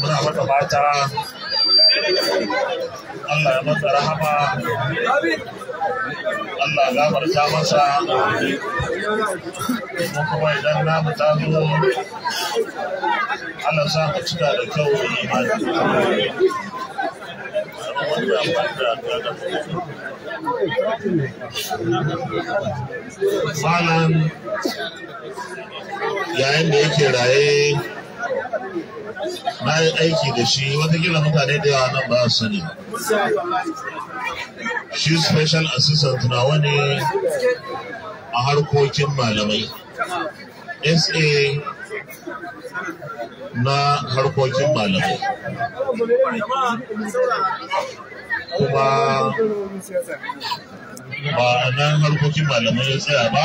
muna mata fata Allah ya mata rahama Allah ya gafarta masa ko kuma idan namu ta zo Allah sa mu cika da kyau imani malam yayin da yake raye na yi aiki da shi watakila mutane da yawa nan ba su sani shi special assistant na wani a harkokin malamai sa na harkokin malamai kuma ba a nan harkokin malamai ya tsaya ba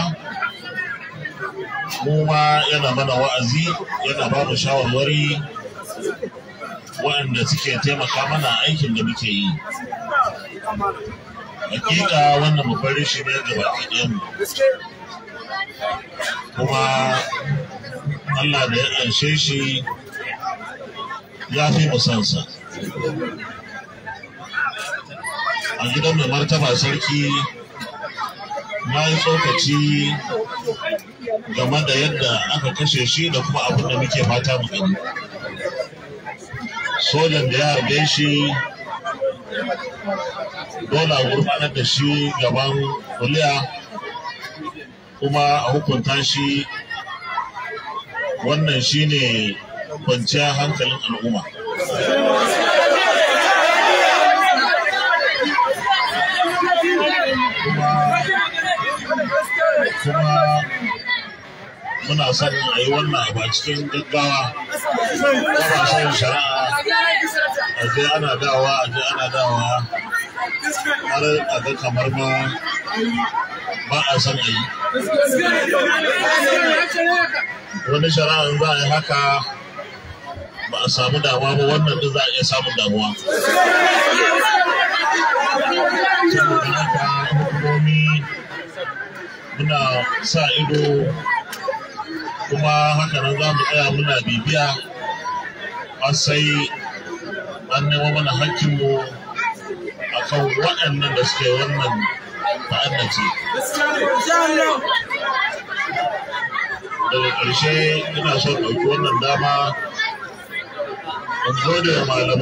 kuma yana mana wa'azi yana ba mu shawarwari waɗanda suke taimaka mana aikin da muke yi hakika wannan mafarin shi ne gaba baki ɗayanmu kuma Allah da ya ƙarshe shi ya fi musansa. a gidan mai martaba sarki na yi tsokaci game da yadda aka kashe shi da kuma abin da muke fata mu gani sojan da ya harbe shi dole a gurfanar da shi gaban kuliya kuma a hukunta shi wannan shi ne. kwanciyar hankalin al'umma kuma muna son a yi wannan abu a cikin gaggawa ba son shari'a a je ana dawa a je ana dawa har a ga kamar ma ba a son a yi wani shari'a za a yi haka a samu damuwa ba wannan duk za a iya samun damuwa muna sa ido kuma haka nan za mu tsaya muna bibiya a sai an nema mana hakkinmu a kan waɗannan da suke wannan ta'annaci daga ƙarshe ina son ɗauki wannan dama gode wa mu irin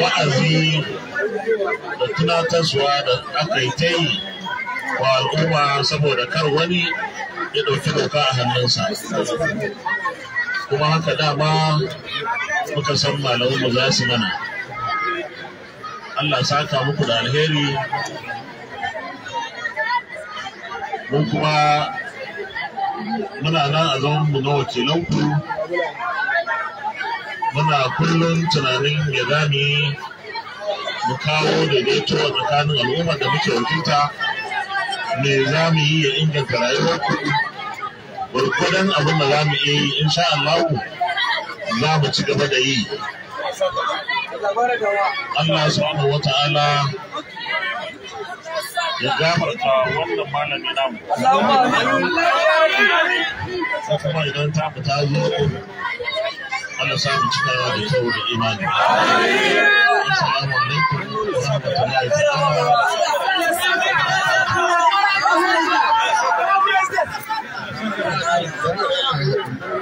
wa'azi da tunatarsuwa da aka yi ta yi wa al'umma saboda kar wani ya ɗauki doka a hannunsa kuma haka dama muka san mu za su mana Allah saka muku da alheri mun kuma muna nan a zaman mu na wakilanku muna kullum tunanin ya gane mu kawo daidaito a tsakanin al'ummar da muke wakilta me za mu yi ya inganta rayuwarku gwargwadon abin da za mu iya yi insha Allah za mu ci gaba da yi Allah subhanahu wa ta'ala ya gafarta wannan malami namu ko kuma idan ta fita zo Allah sa mu cika da kyau da imani assalamu alaikum wa rahmatullahi wa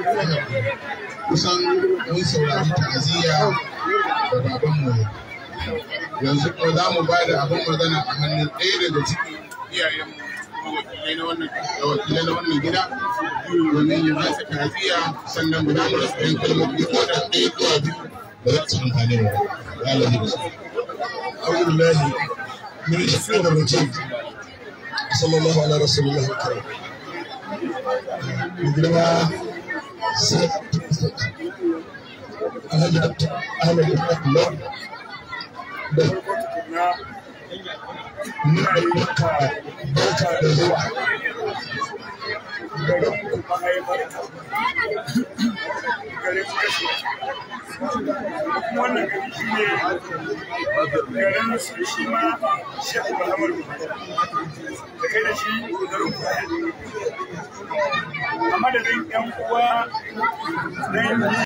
barakatuh kusan mun saurari ta'aziyya da babanmu yanzu ko za mu ba da abin magana a hannun ɗaya daga cikin iyayenmu wakilai na wannan gida domin ya ba su kafiya sannan guda mu rasa ɗan kalmomi ko da ɗaya zuwa biyu ba za su amfani ba galibi da su. Alhamdulillahi, mun shi fiye da rajin sallallahu ala rasulullah karam. Girma sai Alhaji Ahmed Abdullahi da farko tukuna muna da zuwa garin ku shi ne garin su ma shi da shi garin yan uwa na